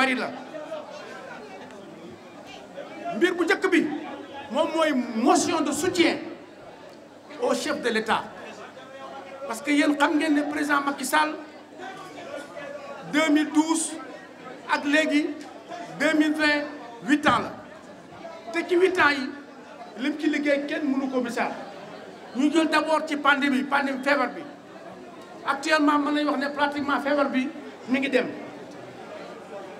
bari la mbir bu njëkk bi mom motion de soutien au chef de l'État parce que yéen xam ngeen ne président Macky Sall 2012 ak légui 2020 8 ans la 8 ci il ans yi lim ci liggéey kenn mënu ko Nous ñu jël d'abord ci pandémie pandémie de bi actuellement man lay wax né pratiquement feebar bi mi ngi dem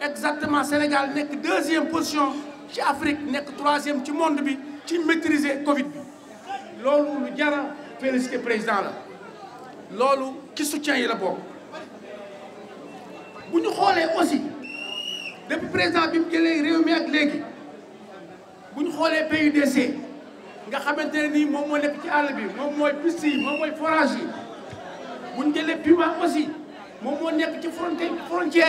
exactement Sénégal que deuxième position ci Afrique que troisième du monde qui maîtrisait la Covid Lolo, lu félicité président la qui soutient soutien yi la nous aussi depuis président mi ak pays des nga ne nii ci bi forage aussi frontière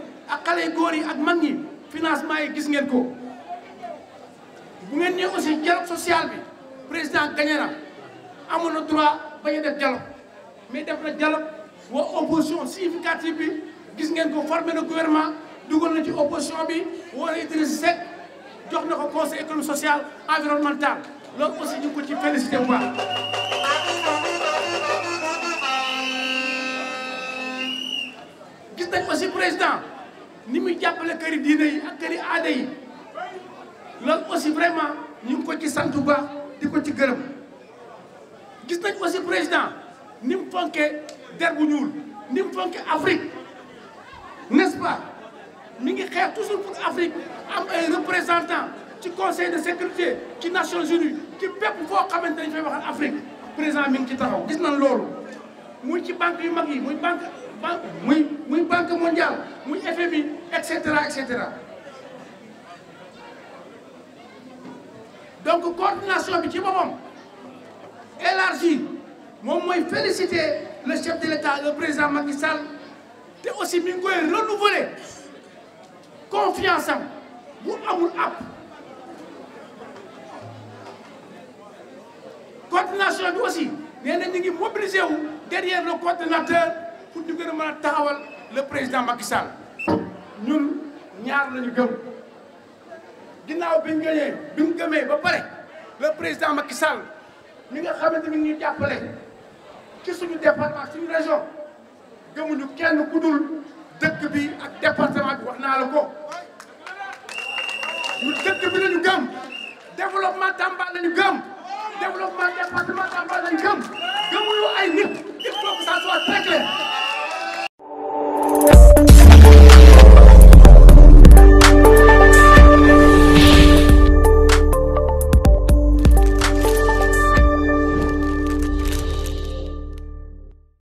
ak xale yu góor yi ak mag ñi financement yi gis ngeen ko bu ngeen ñëw aussi dialogue social bi président gagné amoon na droit ba a def dialogue mais def na dialogue wa opposition significative bi gis ngeen ko formé na gouvernement dugal na ci opposition bi woo na Idrissa jox na ko conseil économique social environnemental loolu aussi ñu ko ci félicité bu baax gis nañ aussi président ni muy jàppale këri diine a ak këri aada yi loolu aussi vraiment ñu ngi ko ci sant que baax di ko ci gërëm gis nañ aussi président ni mu fonkee der bu ñuul ni mu Afrique n'est-ce pas mi ngi toujours pour Afrique am ay représentants conseil de sécurité ci Nations Unies ci bépp foo xamante ne ñu fay waxal Afrique président mi ngi ci taxaw muy banque yu mag muy banque banque muy muy banque mondiale muy FMI et cetera et cetera donc coordination bi ci boppam élargie mom moy féliciter le chef de l'État le président Macky Sall aussi mi ngi koy renouveler confiance am bu amul ab coordination bi aussi. nee na ñu ngi mobilisé wu derrière le coordonnateur pour ñu gën a mën a taxawal le président Macky Sall ñun ñaar lañu gëm ginnaaw bi ñu gëmee bi ñu ba pare le président Macky Sall mi nga xamante ni ñu jàppale ci suñu département suñu région kenn ku dul bi ak département bi wax naa la ko ñu dëkk bi lañu gëm développement Tamba lañu gëm. développement département Tamba lañ gëm gëmuñu ay nit.